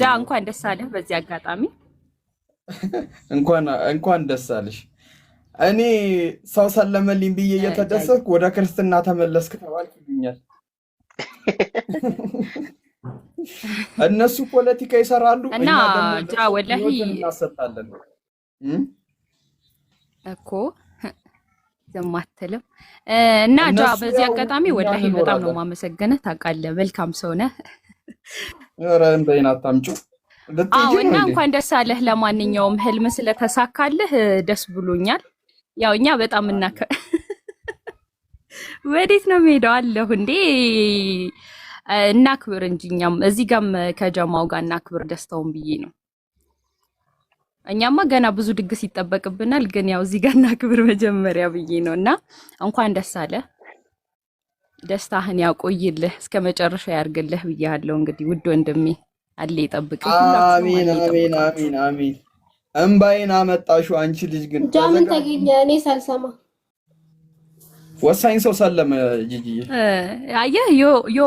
ጃ እንኳን ደስ አለህ። በዚህ አጋጣሚ እንኳን ደስ አለሽ። እኔ ሰው ሰለመልኝ ብዬ እየተደሰትኩ ወደ ክርስትና ተመለስክ ተባልክ ይሉኛል። እነሱ ፖለቲካ ይሰራሉ እና ጃ ወላሂ እናሰጣለን እኮ ዘማትልም እና ጃ በዚህ አጋጣሚ ወላሂ በጣም ነው የማመሰገንህ። ታውቃለህ መልካም ሰው ነህ። እንደይን አታምጪው እና እንኳን ደስ አለህ። ለማንኛውም ህልም ስለተሳካልህ ደስ ብሎኛል። ያው እኛ በጣም እናከ ወዴት ነው የምሄደው አለሁ እንዴ እናክብር እንጂ እኛም እዚህ ጋም ከጀማው ጋር እናክብር ደስታውን ብዬ ነው እኛማ ገና ብዙ ድግስ ይጠበቅብናል። ግን ያው እዚህ ጋር ክብር መጀመሪያ ብዬ ነው እና እንኳን ደስ አለ ደስታህን ያቆይልህ እስከ መጨረሻ ያርግልህ ብያለሁ። እንግዲህ ውድ ወንድሜ አለ ይጠብቅ። አሚን አሚን አሚን አሚን። እምባዬን አመጣሹ አንቺ ልጅ ግን ጃምን ተገኘ እኔ ሳልሰማ ወሳኝ ሰው ሳለመ ጂጂ አየህ ዮ ዮ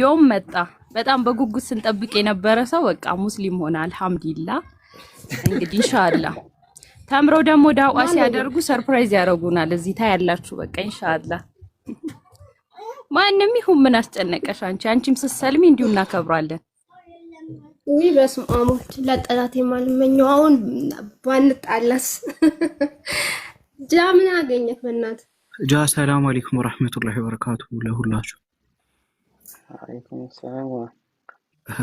ዮም መጣ በጣም በጉጉት ስንጠብቅ የነበረ ሰው በቃ ሙስሊም ሆነ። አልሐምዲላ እንግዲህ ኢንሻአላ ተምረው ደግሞ ዳዋ ሲያደርጉ ሰርፕራይዝ ያደርጉናል። እዚህ ታ ያላችሁ በቃ ኢንሻአላ ማንም ይሁን ምን አስጨነቀሽ አንቺ አንቺም ስትሰልሚ እንዲሁ እናከብራለን። ውይ በስመ አብ ለጠላት የማልመኘው አሁን ባንጣላስ። ጃ ምን አገኘት በእናትህ ጃ። ሰላም አለይኩም ወራህመቱላሂ ወበረካቱ ለሁላችሁ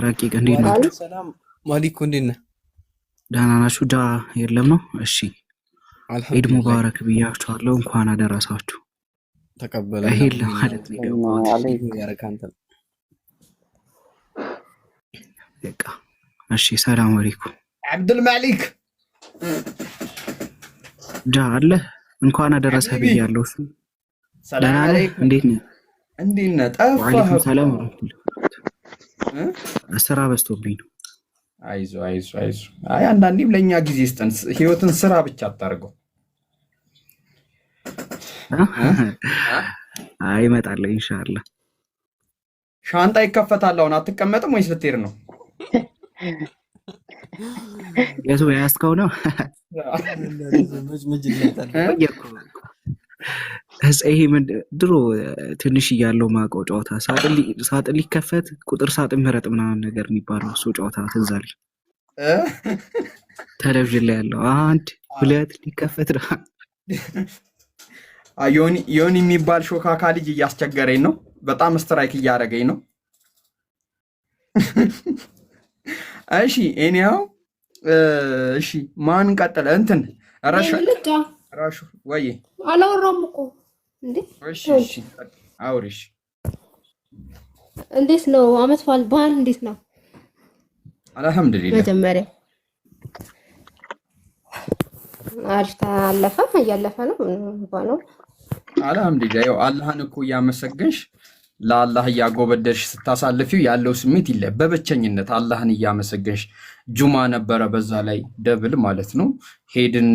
ረቂቅ እንዴት ናችሁ? ማሊኩ እንዴት ነህ? ደህና ናችሁ? ዳ የለም ነው። እሺ ኢድ ሙባረክ ብያችኋለሁ። እንኳን አደረሳችሁ። ተቀበለ ለማለት እሺ፣ ሰላም አለይኩም አብዱል ዳ አለ። እንኳን አደረሰ ብያለሁ። ደህና ነህ? እንዴት ነህ? እንዴት ነህ? ጠፋህ። ሰላም ስራ በዝቶብኝ ነው። አይዞ አይዞ አይዞ። አይ አንዳንዴም ለእኛ ጊዜ ስጠን። ህይወትን ስራ ብቻ አታርገው። አይ እመጣለሁ ኢንሻላህ። ሻንጣ ይከፈታል። አሁን አትቀመጥም ወይስ ልትሄድ ነው? የቱ ያስከው ነው? ድሮ ትንሽ እያለው ማውቀው ጨዋታ ሳጥን ሊከፈት ቁጥር ሳጥን ምረጥ ምናምን ነገር የሚባለው እሱ ጨዋታ ትዝ አለኝ። ቴሌቪዥን ላይ ያለው አንድ ሁለት ሊከፈት ዮኒ የሚባል ሾካካ ልጅ እያስቸገረኝ ነው። በጣም ስትራይክ እያደረገኝ ነው። እሺ እኔው እሺ ማን ቀጥለ እንትን ረሹ ወይ አላወራም እኮ አውሪሽ እንዴት ነው? አመት በዓል በዓል እንዴት ነው? አልሐምዱሊላህ መጀመሪያ እያለፈ ነው። ያው አላህን እኮ እያመሰገንሽ ለአላህ እያጎበደሽ ስታሳልፊው ያለው ስሜት ይለ በብቸኝነት አላህን እያመሰገንሽ ጁማ ነበረ፣ በዛ ላይ ደብል ማለት ነው። ሄድን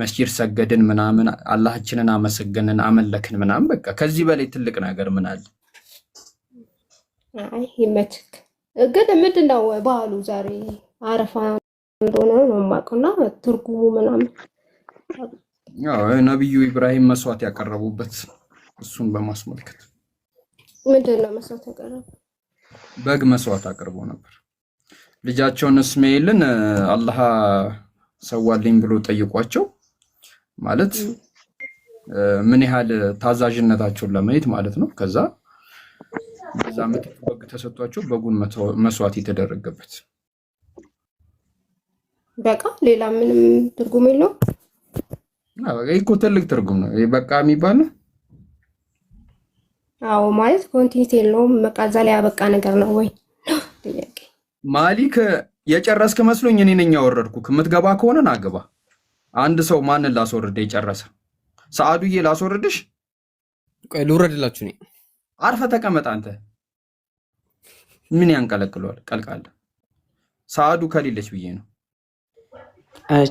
መስጂድ ሰገድን ምናምን አላህችንን አመሰገንን አመለክን ምናምን በቃ ከዚህ በላይ ትልቅ ነገር ምን አለ? ይመችክ። ግን ምንድን ነው በዓሉ ዛሬ አረፋ እንደሆነ ነው ትርጉሙ ምናምን ነቢዩ ኢብራሂም መስዋዕት ያቀረቡበት እሱን በማስመልከት ምንድን ነው መስዋዕት በግ መስዋዕት አቅርቦ ነበር። ልጃቸውን እስማኤልን አላህ ሰዋልኝ ብሎ ጠይቋቸው ማለት ምን ያህል ታዛዥነታቸውን ለማየት ማለት ነው። ከዛ በዛ ምትክ በግ ተሰጥቷቸው በጉን መስዋዕት የተደረገበት በቃ ሌላ ምንም ትርጉም የለው። ይህ እኮ ትልቅ ትርጉም ነው። በቃ የሚባል ነው አዎ ማለት ኮንቲኒቲ የለውም። መቃዛ ላይ ያበቃ ነገር ነው ወይ ጥያቄ። ማሊክ የጨረስክ መስሎኝ እኔ ነኝ ያወረድኩ። የምትገባ ከሆነ ናገባ። አንድ ሰው ማንን ላስወርደ? የጨረሰ ሰአዱዬ ላስወርድሽ? ልውረድላችሁ እኔ። አርፈ ተቀመጥ አንተ። ምን ያንቀለቅለዋል? ቀልቃለ ሰአዱ ከሌለች ብዬ ነው።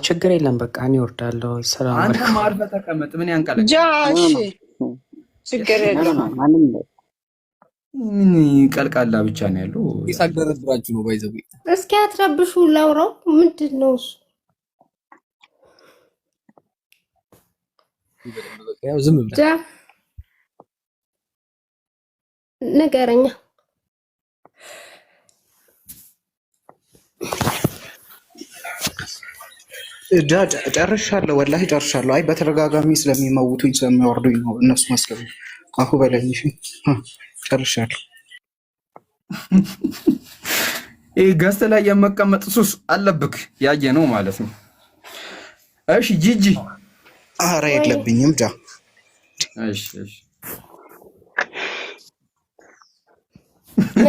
ችግር የለም በቃ እኔ እወርዳለሁ። ሰላም። አንተ ማርፈ ተቀመጥ። ምን ያንቀለቅለዋል? ምን ቀልቃላ ብቻ ነው ያለው። ሳደረድራችሁ ነው ባይዘ እስኪ አትረብሹ። ላውራው ምንድን ነው እሱ? ነገረኛ ጨርሻለሁ፣ ወላሂ ጨርሻለሁ። አይ በተደጋጋሚ ስለሚመውቱኝ ስለሚወርዱኝ ነው እነሱ መስለው አሁ በለኝ። ጨርሻለሁ። ይህ ላይ የመቀመጥ ሱስ አለብክ ያየ ነው ማለት ነው። እሺ ጂጂ፣ አረ የለብኝም ጃ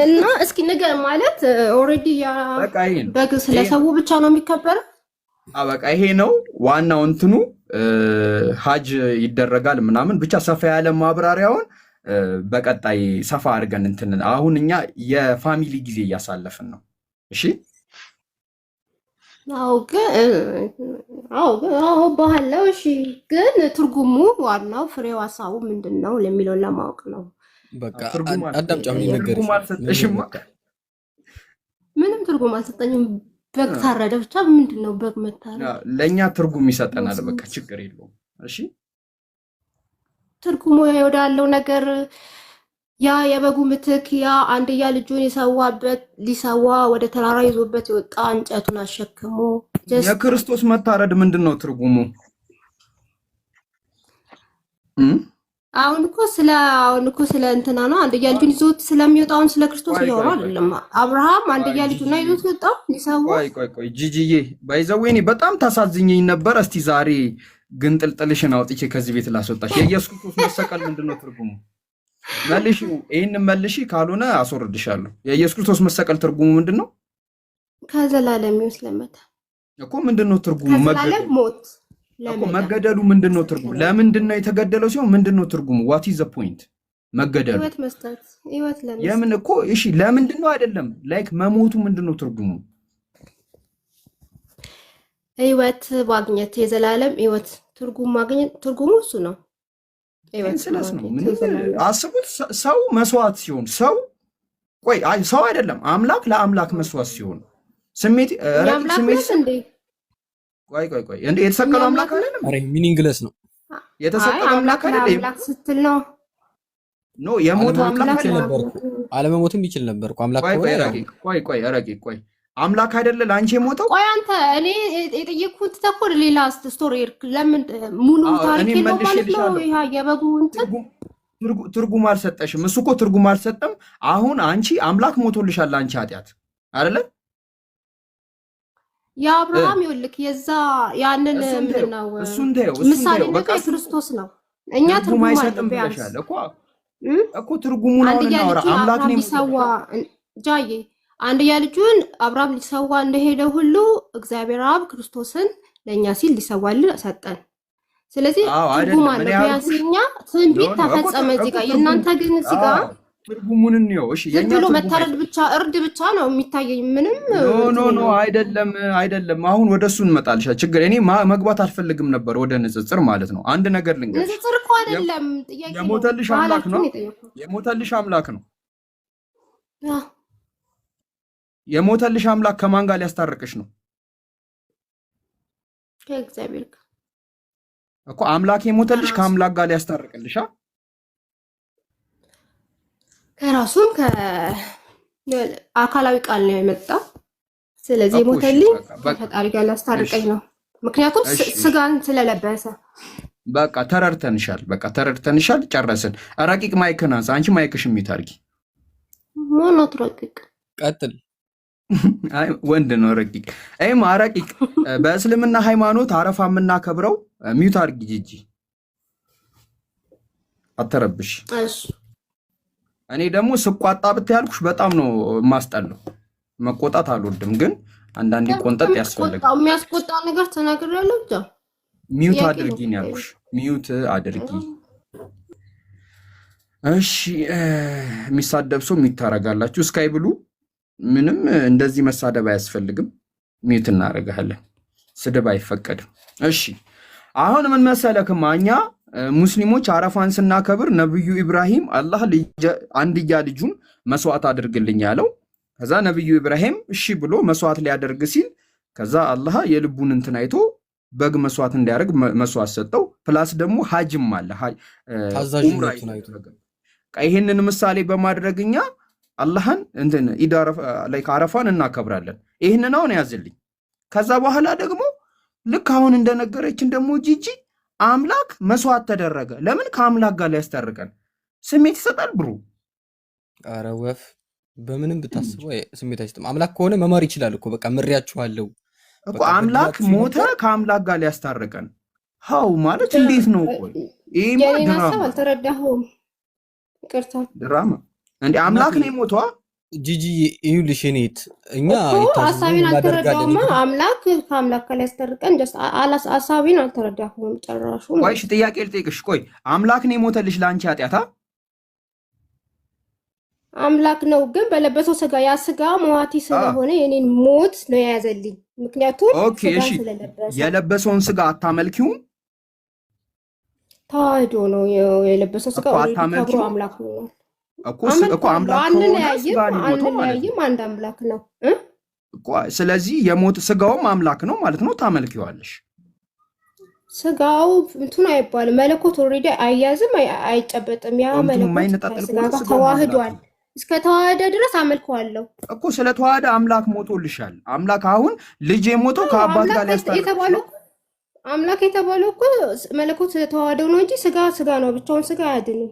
እና እስኪ ንገር ማለት ኦልሬዲ በግ ስለሰው ብቻ ነው የሚከበረው አበቃ ይሄ ነው ዋናው እንትኑ ሀጅ ይደረጋል ምናምን ብቻ ሰፋ ያለ ማብራሪያውን በቀጣይ ሰፋ አድርገን እንትን አሁን እኛ የፋሚሊ ጊዜ እያሳለፍን ነው። እሺ ባህለው እሺ፣ ግን ትርጉሙ ዋናው ፍሬው ሀሳቡ ምንድን ነው ለሚለውን ለማወቅ ነው። ምንም ትርጉም አልሰጠኝም በግ ታረደ ብቻ ምንድን ነው በግ መታረድ? ለእኛ ትርጉም ይሰጠናል። በቃ ችግር የለውም። እሺ ትርጉሙ ወዳለው ነገር ያ የበጉ ምትክ ያ አንድያ ልጁን የሰዋበት ሊሰዋ ወደ ተራራ ይዞበት የወጣ እንጨቱን አሸክሞ የክርስቶስ መታረድ ምንድን ነው ትርጉሙ? አሁን እኮ ስለ አሁን እኮ ስለ እንትና ነው አንድያ ልጁን ይዞት ስለሚወጣውን ስለ ክርስቶስ እያወሩ አይደለም። አብርሃም አንድያ ልጁና ይዞት ወጣው ሊሰው። ቆይ ቆይ ቆይ ጂጂዬ ባይዘዌኒ በጣም ታሳዝኝኝ ነበር። እስቲ ዛሬ ግን ጥልጥልሽን አውጥቼ ከዚህ ቤት ላስወጣሽ። የኢየሱስ ክርስቶስ መሰቀል ምንድነው ትርጉሙ? መልሽ፣ ይህን መልሽ፣ ካልሆነ አስወርድሻለሁ። የኢየሱስ ክርስቶስ መሰቀል ትርጉሙ ምንድነው? ከዘላለም ይወስለመታ ለመዳን እኮ ምንድነው ትርጉሙ? ከዘላለም ሞት እኮ መገደሉ ምንድን ነው ትርጉሙ? ለምንድን ነው የተገደለው ሲሆን ምንድን ነው ትርጉሙ? ዋት ኢዝ ዘ ፖይንት መገደሉ? የምን እኮ እሺ፣ ለምንድን ነው አይደለም፣ ላይክ መሞቱ ምንድን ነው ትርጉሙ? ህይወት ማግኘት፣ የዘላለም ህይወት ትርጉም ማግኘት፣ ትርጉሙ እሱ ነው። ስለስ አስቡት። ሰው መስዋዕት ሲሆን ሰው ቆይ፣ ሰው አይደለም አምላክ ለአምላክ መስዋዕት ሲሆን ስሜት ስሜት ቆይ ቆይ ቆይ እንዴ የተሰቀለው አምላክ አይደለም? አረ ሚኒንግለስ ነው። የተሰቀለው አምላክ አይደለም። አምላክ ስትል ነው ኖ የሞተው አምላክ ነበር። አለመሞትም ይችል ነበር እኮ አምላክ። ቆይ ቆይ ቆይ ቆይ አምላክ አይደለ ለአንቺ የሞተው? ቆይ አንተ እኔ የጠየቅኩት ሌላ ስቶሪ ለምን ሙሉ ታሪክ ነው ማለት ነው። ይሄ የበጉ እንትን ትርጉም አልሰጠሽም። እሱ እኮ ትርጉም አልሰጠም። አሁን አንቺ አምላክ ሞቶልሻል አንቺ ኃጢአት አይደለም የአብርሃም ይኸውልህ የዛ ያንን ምንድን ነው ምሳሌ የክርስቶስ ነው። እኛ ትርጉም አይሰጥም ብለሻል እኮ ትርጉሙን አምላክ ሊሰዋ ጃዬ አንድያ ልጁን አብርሃም ሊሰዋ እንደሄደ ሁሉ እግዚአብሔር አብ ክርስቶስን ለእኛ ሲል ሊሰዋልን ሰጠን። ስለዚህ ትርጉም አለ። ቢያንስ እኛ ትንቢት ተፈጸመ እዚህ ጋር የእናንተ ግን እዚህ ጋር ትርጉሙን እንየው። እሺ ብሎ መታረድ ብቻ እርድ ብቻ ነው የሚታየኝ። ምንም ኖ ኖ አይደለም፣ አይደለም። አሁን ወደ እሱ እንመጣልሻ። ችግር እኔ መግባት አልፈልግም ነበር ወደ ንጽጽር ማለት ነው። አንድ ነገር ልንገር። ንጽጽር እኮ አይደለም ጥያቄ። የሞተልሽ አምላክ ነው፣ የሞተልሽ አምላክ ነው። የሞተልሽ አምላክ ከማን ጋር ሊያስታርቅሽ ነው? ከእግዚአብሔር ጋር እኮ አምላክ የሞተልሽ ከአምላክ ጋር ሊያስታርቅልሻ ከራሱም ከአካላዊ ቃል ነው የመጣ። ስለዚህ የሞተልኝ ፈጣሪ ጋር ላስታርቀኝ ነው። ምክንያቱም ስጋን ስለለበሰ በቃ ተረድተንሻል። በቃ ተረድተንሻል። ጨረስን። ረቂቅ ማይክን አንሳ። አንቺ ማይክሽ የሚታርጊ ሞኖት ረቂቅ ቀጥል። አይ ወንድ ነው ረቂቅ። ይህም ረቂቅ በእስልምና ሃይማኖት አረፋ የምናከብረው ሚዩት አርጊ ጂጂ አተረብሽ እኔ ደግሞ ስቋጣ ብታያልኩሽ በጣም ነው የማስጠላው። መቆጣት አልወድም፣ ግን አንዳንዴ ቆንጠጥ ያስፈልጋል። የሚያስቆጣ ነገር ተናግሬያለሁ። ሚዩት አድርጊ ነው ያልኩሽ፣ ሚዩት አድርጊ። እሺ የሚሳደብ ሰው የሚታረጋላችሁ እስካይ ብሉ ምንም እንደዚህ መሳደብ አያስፈልግም። ሚዩት እናደርጋለን። ስድብ አይፈቀድም። እሺ አሁን ምን መሰለክማ እኛ ሙስሊሞች አረፋን ስናከብር ነብዩ ኢብራሂም አላህ አንድያ ልጁን መስዋዕት አድርግልኝ ያለው ከዛ ነብዩ ኢብራሂም እሺ ብሎ መስዋዕት ሊያደርግ ሲል ከዛ አላህ የልቡን እንትን አይቶ በግ መስዋዕት እንዲያደርግ መስዋዕት ሰጠው። ፕላስ ደግሞ ሀጅም አለ። ይህንን ምሳሌ በማድረግ እኛ አላህን እንትን አረፋን እናከብራለን። ይህንን አሁን ያዝልኝ። ከዛ በኋላ ደግሞ ልክ አሁን እንደነገረችን ደግሞ ጂጂ አምላክ መስዋዕት ተደረገ። ለምን? ከአምላክ ጋር ሊያስታርቀን። ስሜት ይሰጣል ብሩ። ረወፍ ወፍ በምንም ብታስበው ስሜት አይሰጥም። አምላክ ከሆነ መማር ይችላል እኮ በቃ ምሬያችኋለሁ እኮ አምላክ ሞተ፣ ከአምላክ ጋር ሊያስታርቀን። ሀው ማለት እንዴት ነው? ይሄ ድራማ ድራማ እንዲ አምላክ ነው የሞተዋ ጂጂ ይኸውልሽ፣ እኔት እኛ ሀሳቢን አልተረዳሁም። አምላክ ከአምላክ ከላይ ያስጠርቀን። ሀሳቤን አልተረዳሁም ጨራሹ። ቆይሽ ጥያቄ ልጠይቅሽ። ቆይ አምላክ ነው የሞተልሽ ለአንቺ ኃጢአታ? አምላክ ነው ግን በለበሰው ስጋ፣ ያ ስጋ መዋቲ ስለሆነ የኔን ሞት ነው የያዘልኝ። ምክንያቱም የለበሰውን ስጋ አታመልኪውም። ተዋህዶ ነው የለበሰው ስጋ አምላክ ነው እኮ አምላክ አምላክ ነው። ስለዚህ የሞት ስጋውም አምላክ ነው ማለት ነው። ታመልኪዋለሽ። ስጋው እንትን አይባልም። መለኮት ኦልሬዲ አያዝም፣ አይጨበጥም። ያ መለኮት ተዋህዷል። እስከ ተዋህደ ድረስ አመልከዋለሁ እኮ። ስለ ተዋህደ አምላክ ሞቶልሻል። አምላክ አሁን ልጅ የሞተው ከአባት ጋር ሊያስታርቅ አምላክ የተባለው እኮ መለኮት ተዋህደው ነው እንጂ ስጋ ስጋ ነው። ብቻውን ስጋ አያድንም።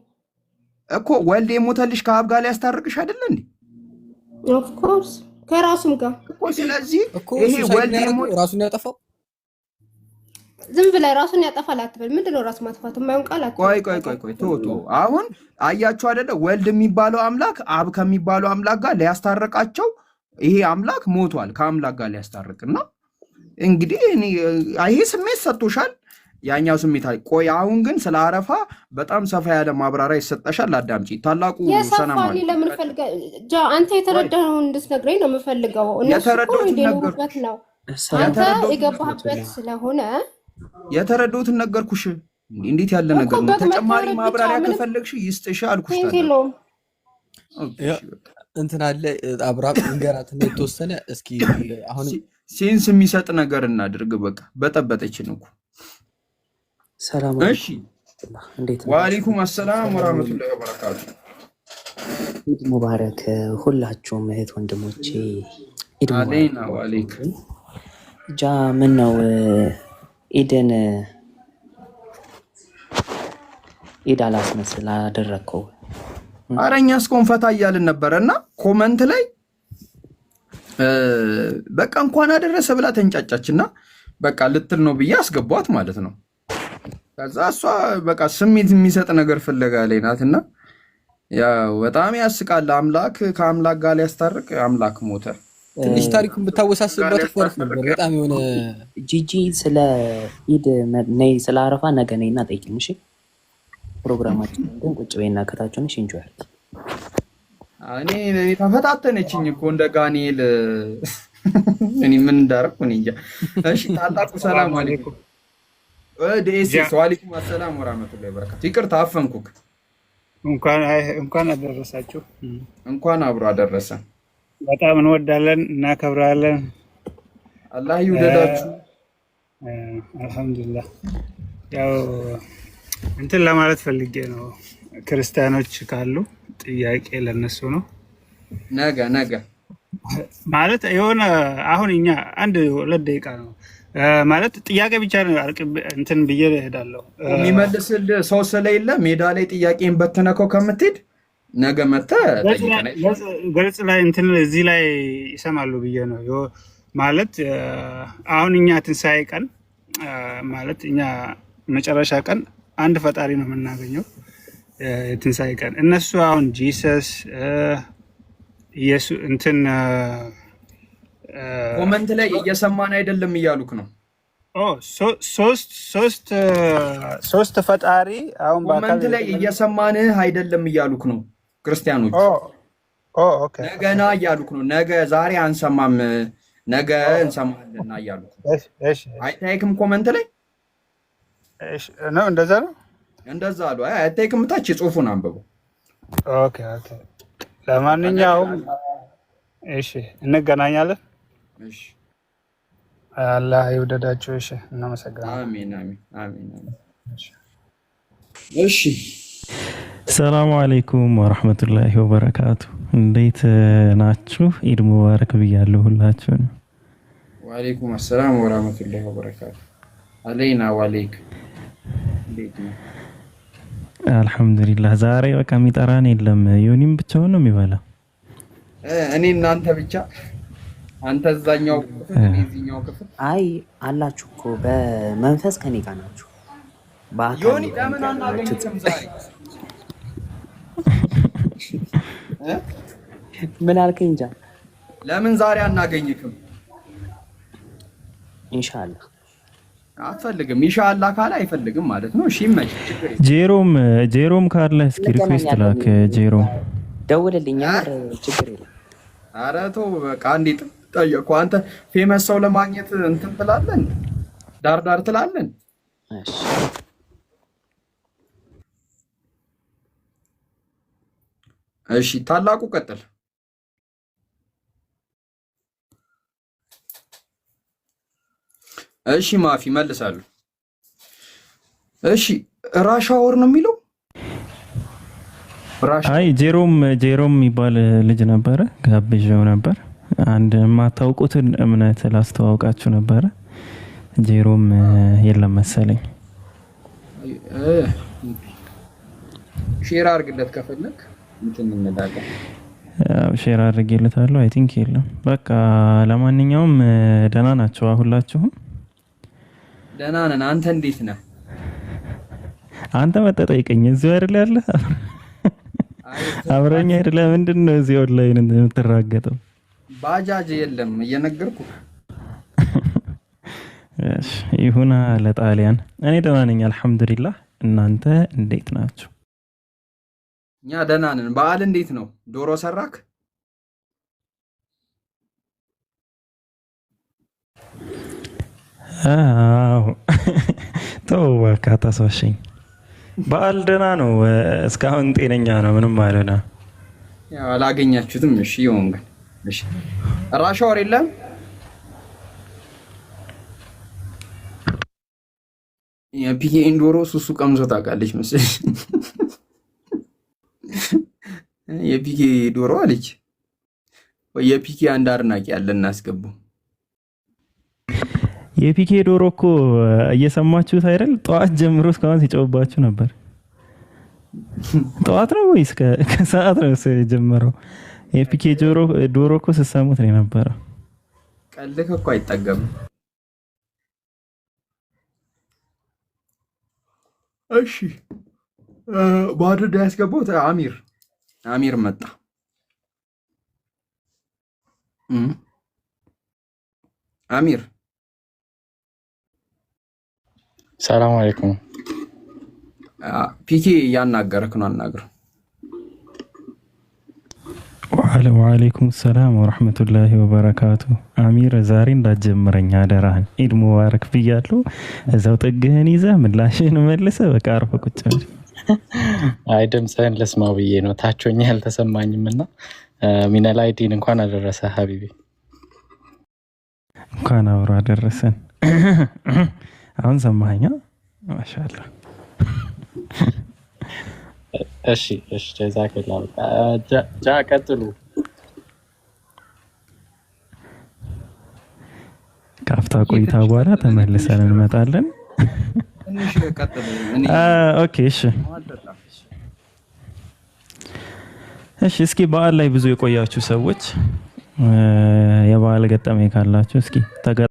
እኮ ወልድ የሞተልሽ ከአብ ጋር ሊያስታርቅሽ አይደለ እንዴ? ኦፍኮርስ ከራሱም ጋር እኮ። ስለዚህ ይሄ ወልድ ራሱን ያጠፋው ዝም ብለህ ራሱን ያጠፋል አትበል። ምንድን ነው ራሱ ማጥፋት? የማይሆን ቃል አትበል። ቆይ ቆይ ቆይ ቆይ፣ ቶቶ አሁን አያችሁ አይደለ? ወልድ የሚባለው አምላክ አብ ከሚባለው አምላክ ጋር ሊያስታርቃቸው ይሄ አምላክ ሞቷል፣ ከአምላክ ጋር ሊያስታርቅ እና እንግዲህ ይሄ ስሜት ሰጥቶሻል ያኛው ስሜት አለ። ቆይ አሁን ግን ስለ አረፋ በጣም ሰፋ ያለ ማብራሪያ ይሰጠሻል። አዳምጪ። ታላቁ ሰናማኒ ለምን ፈልገ ጃ አንተ የተረዳኸውን እንድትነግረኝ ነው የምፈልገው። እነሱ ነገርኩት ነው አንተ የገባህበት ስለሆነ የተረዳሁትን ነገርኩሽ። እንዴት ያለ ነገር ነው! ተጨማሪ ማብራሪያ ከፈለግሽ ይስጥሽ አልኩሽ። እንትን አለ አብራ ንገራት የተወሰነ እስኪ አሁን ሴንስ የሚሰጥ ነገር እናድርግ። በቃ በጠበጠችን እኮ ሰላም ዋሌኩም አሰላም ወራህመቱላ ወበረካቱ። ኢድ ሙባረክ ሁላችሁም እህት ወንድሞቼ፣ ኢድ ሙባረክ። ጃ ምን ነው ኢድን ኢድ አላስመስል አደረግከው። እኛ ፈታ እያልን ነበረ እና ኮመንት ላይ በቃ እንኳን አደረሰ ብላ ተንጫጫች በቃ ልትል ነው ብዬ አስገቧት ማለት ነው ከዛ እሷ በቃ ስሜት የሚሰጥ ነገር ፍለጋ ላይ ናት እና ያው በጣም ያስቃል። አምላክ ከአምላክ ጋር ሊያስታርቅ አምላክ ሞተ። ትንሽ ታሪኩን ብታወሳስብበት እኮ ነበር። በጣም የሆነ ጂጂ ስለ ኢድ ነይ፣ ስለ አረፋ ነገ ነይ እና ጠይቅም። እሺ ፕሮግራማችን ግን ቁጭ በይና ከታችን እሺ። እንጆያል እኔ እኔ ተፈታተነችኝ እኮ እንደ ጋኒኤል እኔ ምን እንዳረኩ እኔ እንጃ። እሺ ታላቁ ሰላም አለይኩም ዲኤስኤስ ዋሊኩም አሰላም ወራህመቱላሂ ወበረካቱ። ይቅርታ አፈንኩክ። እንኳን አደረሳችሁ። እንኳን አብሮ አደረሰ። በጣም እንወዳለን፣ እናከብራለን። አላህ ይውደዳችሁ። አልሐምዱሊላህ። ያው እንትን ለማለት ፈልጌ ነው ክርስቲያኖች ካሉ ጥያቄ ለነሱ ነው። ነገ ነገ ማለት የሆነ አሁን እኛ አንድ ሁለት ደቂቃ ነው ማለት ጥያቄ ብቻ እንትን ብዬ እሄዳለሁ። የሚመልስል ሰው ስለሌለ ሜዳ ላይ ጥያቄን በትነከው ከምትሄድ ነገ መተህ ላይ እንትን እዚህ ላይ ይሰማሉ ብዬ ነው። ማለት አሁን እኛ ትንሣኤ ቀን ማለት እኛ መጨረሻ ቀን አንድ ፈጣሪ ነው የምናገኘው የትንሣኤ ቀን እነሱ አሁን ጂሰስ እንትን ኮመንት ላይ እየሰማን አይደለም እያሉክ ነው። ሶስት ፈጣሪ አሁን ኮመንት ላይ እየሰማንህ አይደለም እያሉክ ነው ክርስቲያኖች ነገና እያሉክ ነው። ነገ ዛሬ አንሰማም፣ ነገ እንሰማለና እያሉክ አይታይክም። ኮመንት ላይ ነው እንደዛ ነው እንደዛ አሉ። አይታይክም። ታች ጽሁፉን አንብበው። ለማንኛውም እሺ እንገናኛለን። አላህ ይውደዳቸው። እሺ፣ እናመሰግናለን። እሺ፣ ሰላሙ አለይኩም ወራህመቱላሂ ወበረካቱ። እንዴት ናችሁ? ኢድ ሙባረክ ብያለሁ ሁላችሁን። ወአለይኩም አሰላም ወራህመቱላሂ ወበረካቱ። አለይና ወአለይክ አልሐምዱሊላህ። ዛሬ በቃ የሚጠራን የለም። ዮኒም ብቻውን ነው የሚበላ፣ እኔ እናንተ ብቻ አንተ እዛኛው እዚህኛው ክፍል አይ አላችሁ እኮ በመንፈስ ከኔ ጋር ናችሁ። በአካል ለምን አናገኝም? ዛሬ ምን አልከኝ? እንጃ ለምን ዛሬ አናገኝክም? ኢንሻአላ አትፈልግም። ኢንሻአላ ካለ አይፈልግም ማለት ነው። እሺ ይመችህ። ጄሮም ጄሮም ካለ እስኪ ሪኩዌስት ላክ። ጄሮም ደውልልኛ፣ ችግር የለም። ኧረ ተው በቃ እንዴት ጠየቅኩ። አንተ ፌመስ ሰው ለማግኘት እንትን ትላለን፣ ዳርዳር ትላለን። እሺ ታላቁ ቀጥል። እሺ ማፊ መልሳሉ። እሺ ራሻ ነው የሚለው አይ ጄሮም ጄሮም የሚባል ልጅ ነበረ ጋብዣው ነበር አንድ የማታውቁትን እምነት ላስተዋውቃችሁ ነበረ። ጄሮም የለም መሰለኝ ሼር አድርግለት ከፈለክ ሼር አድርጌለታለሁ። አይ ቲንክ የለም። በቃ ለማንኛውም ደህና ናቸው ሁላችሁም? ደህና ነን። አንተ እንዴት ነህ? አንተ መጠጠይቀኝ እዚሁ አይደለ ያለ አብረኛ አይደለ? ምንድን ነው እዚህ ኦንላይን የምትራገጠው? ባጃጅ የለም እየነገርኩ ይሁና ለጣሊያን። እኔ ደህና ነኝ አልሐምዱሊላህ። እናንተ እንዴት ናችሁ? እኛ ደህና ነን። በዓል እንዴት ነው? ዶሮ ሰራክ? አዎ ተው እባክህ አታስዋሸኝ። በዓል ደህና ነው። እስካሁን ጤነኛ ነው። ምንም አልሆነ። አላገኛችሁትም? እሺ ይሁን ግን ራሽ ወር የለም የፒኬ ኢንዶሮ ሱሱ ቀምሶ ታውቃለች መሰለሽ። የፒኬ ዶሮ አለች። የፒኬ አንድ አድናቂ ያለ እናስገባው። የፒኬ ዶሮ እኮ እየሰማችሁት አይደል? ጠዋት ጀምሮ እስካሁን ሲጨውባችሁ ነበር። ጠዋት ነው ወይስ ከሰዓት ነው የጀመረው? የፒኬ ዶሮ እኮ ስሰሙት ነው የነበረው። ቀልክ እኮ አይጠገም። እሺ ባድር ያስገባት አሚር አሚር መጣ። አሚር ሰላም አለይኩም። ፒኬ እያናገረክ ነው፣ አናግረው ወአለይኩም ሰላም ወረሕመቱላሂ ወበረካቱ። አሚር ዛሬ እንዳትጀምረኝ አደራህን። ኢድ ሙባረክ ብያለሁ። እዛው ጥግህን ይዘህ ምላሽህን መልሰ በቃ አርፈ ቁጭ። አይ ድምፅህን ልስማው ብዬ ነው ታቾኛ አልተሰማኝም። እና ሚነል አይዲን እንኳን አደረሰ ሀቢቢ። እንኳን አብሮ አደረሰን። አሁን ሰማኸኛ ማሻላ እሺ እሺ፣ ጀዛከላ ጃ ቀጥሉ። ከአፍታ ቆይታ በኋላ ተመልሰን እንመጣለን። ኦኬ እሺ እሺ። እስኪ በዓል ላይ ብዙ የቆያችሁ ሰዎች የበዓል ገጠመኝ ካላችሁ እስኪ